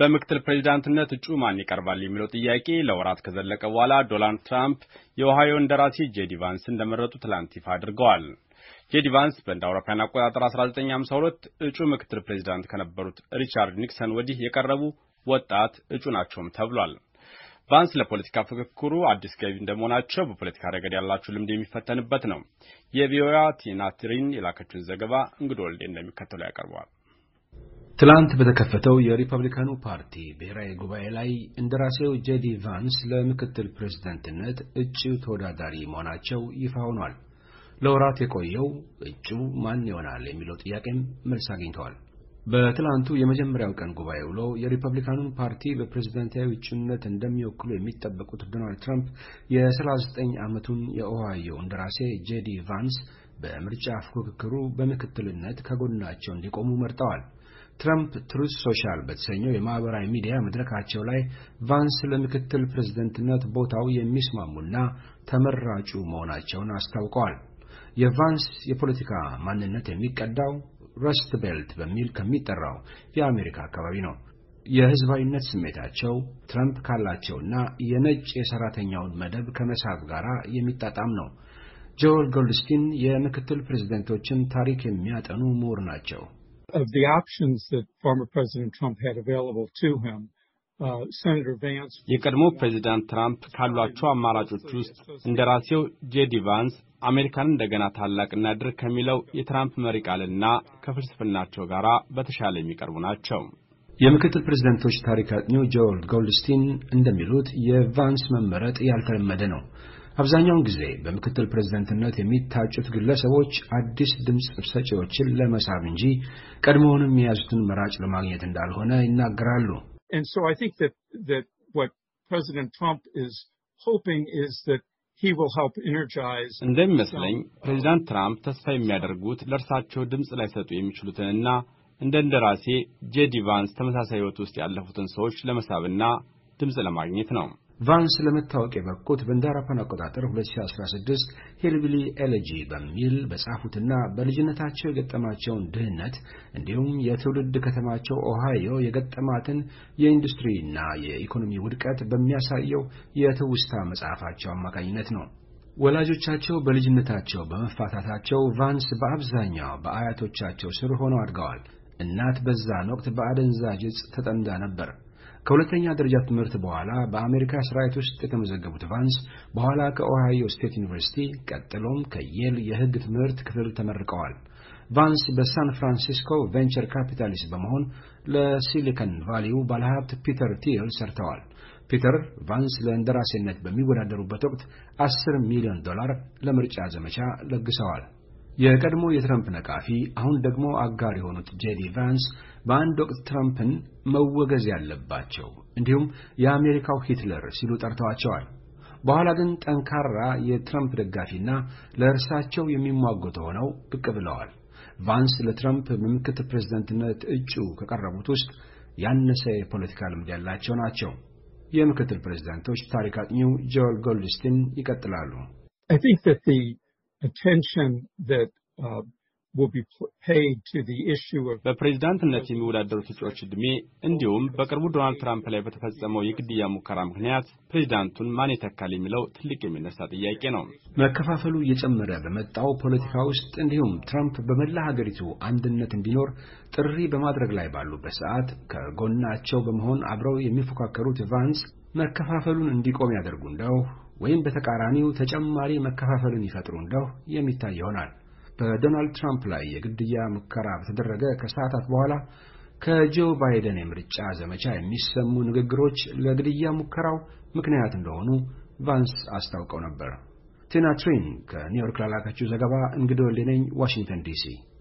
በምክትል ፕሬዚዳንትነት እጩ ማን ይቀርባል የሚለው ጥያቄ ለወራት ከዘለቀ በኋላ ዶናልድ ትራምፕ የኦሃዮ እንደራሴ ጄዲ ቫንስ እንደመረጡ ትላንት ይፋ አድርገዋል። ጄዲ ቫንስ በእንደ አውሮፓውያን አቆጣጠር 1952 እጩ ምክትል ፕሬዚዳንት ከነበሩት ሪቻርድ ኒክሰን ወዲህ የቀረቡ ወጣት እጩ ናቸውም ተብሏል። ቫንስ ለፖለቲካ ፍክክሩ አዲስ ገቢ እንደመሆናቸው በፖለቲካ ረገድ ያላቸው ልምድ የሚፈተንበት ነው። የቪኦኤ ቲናትሪን የላከችውን ዘገባ እንግዶ ወልዴ እንደሚከተለው ያቀርበዋል። ትላንት በተከፈተው የሪፐብሊካኑ ፓርቲ ብሔራዊ ጉባኤ ላይ እንደራሴው ጄዲ ቫንስ ለምክትል ፕሬዝደንትነት እጩ ተወዳዳሪ መሆናቸው ይፋ ሆኗል። ለወራት የቆየው እጩ ማን ይሆናል የሚለው ጥያቄም መልስ አግኝተዋል። በትላንቱ የመጀመሪያው ቀን ጉባኤ ውሎ የሪፐብሊካኑን ፓርቲ በፕሬዝደንታዊ እጩነት እንደሚወክሉ የሚጠበቁት ዶናልድ ትራምፕ የ39 ዓመቱን የኦሃዮ እንደራሴ ጄዲ ቫንስ በምርጫ ፉክክሩ በምክትልነት ከጎናቸው እንዲቆሙ መርጠዋል። ትራምፕ ትሩዝ ሶሻል በተሰኘው የማህበራዊ ሚዲያ መድረካቸው ላይ ቫንስ ለምክትል ፕሬዝደንትነት ቦታው የሚስማሙና ተመራጩ መሆናቸውን አስታውቀዋል። የቫንስ የፖለቲካ ማንነት የሚቀዳው ረስት ቤልት በሚል ከሚጠራው የአሜሪካ አካባቢ ነው። የህዝባዊነት ስሜታቸው ትራምፕ ካላቸውና የነጭ የሰራተኛውን መደብ ከመሳብ ጋር የሚጣጣም ነው። ጆል ጎልድስቲን የምክትል ፕሬዝደንቶችን ታሪክ የሚያጠኑ ምሁር ናቸው። of the options that former President Trump had available to him uh, የቀድሞ ፕሬዚዳንት ትራምፕ ካሏቸው አማራጮች ውስጥ እንደራሴው ጄዲ ቫንስ አሜሪካን እንደገና ታላቅ እናድርግ ከሚለው የትራምፕ መሪ ቃልና ከፍልስፍናቸው ጋር በተሻለ የሚቀርቡ ናቸው። የምክትል ፕሬዚዳንቶች ታሪክ አጥኚው ጆል ጎልድስቲን እንደሚሉት የቫንስ መመረጥ ያልተለመደ ነው። አብዛኛውን ጊዜ በምክትል ፕሬዝደንትነት የሚታጩት ግለሰቦች አዲስ ድምፅ ሰጪዎችን ለመሳብ እንጂ ቀድሞውንም የያዙትን መራጭ ለማግኘት እንዳልሆነ ይናገራሉ። እንደሚመስለኝ ፕሬዚዳንት ትራምፕ ተስፋ የሚያደርጉት ለእርሳቸው ድምፅ ላይሰጡ የሚችሉትንና እንደ እንደራሴ ጄዲ ቫንስ ተመሳሳይ ሕይወት ውስጥ ያለፉትን ሰዎች ለመሳብና ድምፅ ለማግኘት ነው። ቫንስ ለመታወቅ የበቁት በንዳራፓን አቆጣጠር 2016 ሂልቢሊ ኤሌጂ በሚል በጻፉትና በልጅነታቸው የገጠማቸውን ድህነት እንዲሁም የትውልድ ከተማቸው ኦሃዮ የገጠማትን የኢንዱስትሪና የኢኮኖሚ ውድቀት በሚያሳየው የትውስታ መጽሐፋቸው አማካኝነት ነው። ወላጆቻቸው በልጅነታቸው በመፋታታቸው ቫንስ በአብዛኛው በአያቶቻቸው ስር ሆነው አድገዋል። እናት በዛን ወቅት በአደንዛዥ እጽ ተጠምዳ ነበር። ከሁለተኛ ደረጃ ትምህርት በኋላ በአሜሪካ ስራይት ውስጥ የተመዘገቡት ቫንስ በኋላ ከኦሃዮ ስቴት ዩኒቨርሲቲ ቀጥሎም ከየል የሕግ ትምህርት ክፍል ተመርቀዋል። ቫንስ በሳን ፍራንሲስኮ ቬንቸር ካፒታሊስት በመሆን ለሲሊከን ቫሊው ባለሀብት ፒተር ቲል ሰርተዋል። ፒተር ቫንስ ለእንደራሴነት በሚወዳደሩበት ወቅት 10 ሚሊዮን ዶላር ለምርጫ ዘመቻ ለግሰዋል። የቀድሞ የትረምፕ ነቃፊ አሁን ደግሞ አጋር የሆኑት ጄዲ ቫንስ በአንድ ወቅት ትረምፕን መወገዝ ያለባቸው እንዲሁም የአሜሪካው ሂትለር ሲሉ ጠርተዋቸዋል። በኋላ ግን ጠንካራ የትረምፕ ደጋፊና ለእርሳቸው የሚሟገቱ ሆነው ብቅ ብለዋል። ቫንስ ለትረምፕ ምክትል ፕሬዝደንትነት እጩ ከቀረቡት ውስጥ ያነሰ የፖለቲካ ልምድ ያላቸው ናቸው። የምክትል ፕሬዝደንቶች ታሪክ አጥኚው ጆል ጎልድስቲን ይቀጥላሉ። attention that uh, will በፕሬዝዳንትነት የሚወዳደሩ እጩዎች ዕድሜ እንዲሁም በቅርቡ ዶናልድ ትራምፕ ላይ በተፈጸመው የግድያ ሙከራ ምክንያት ፕሬዝዳንቱን ማን ይተካል የሚለው ትልቅ የሚነሳ ጥያቄ ነው። መከፋፈሉ እየጨመረ በመጣው ፖለቲካ ውስጥ እንዲሁም ትራምፕ በመላ ሀገሪቱ አንድነት እንዲኖር ጥሪ በማድረግ ላይ ባሉበት ሰዓት ከጎናቸው በመሆን አብረው የሚፎካከሩት ቫንስ መከፋፈሉን እንዲቆም ያደርጉ እንደው ወይም በተቃራኒው ተጨማሪ መከፋፈልን ይፈጥሩ እንደው የሚታይ ይሆናል። በዶናልድ ትራምፕ ላይ የግድያ ሙከራ በተደረገ ከሰዓታት በኋላ ከጆ ባይደን የምርጫ ዘመቻ የሚሰሙ ንግግሮች ለግድያ ሙከራው ምክንያት እንደሆኑ ቫንስ አስታውቀው ነበር። ቲና ትሪን ከኒውዮርክ ላላከችው ዘገባ እንግዶ ሌነኝ ዋሽንግተን ዲሲ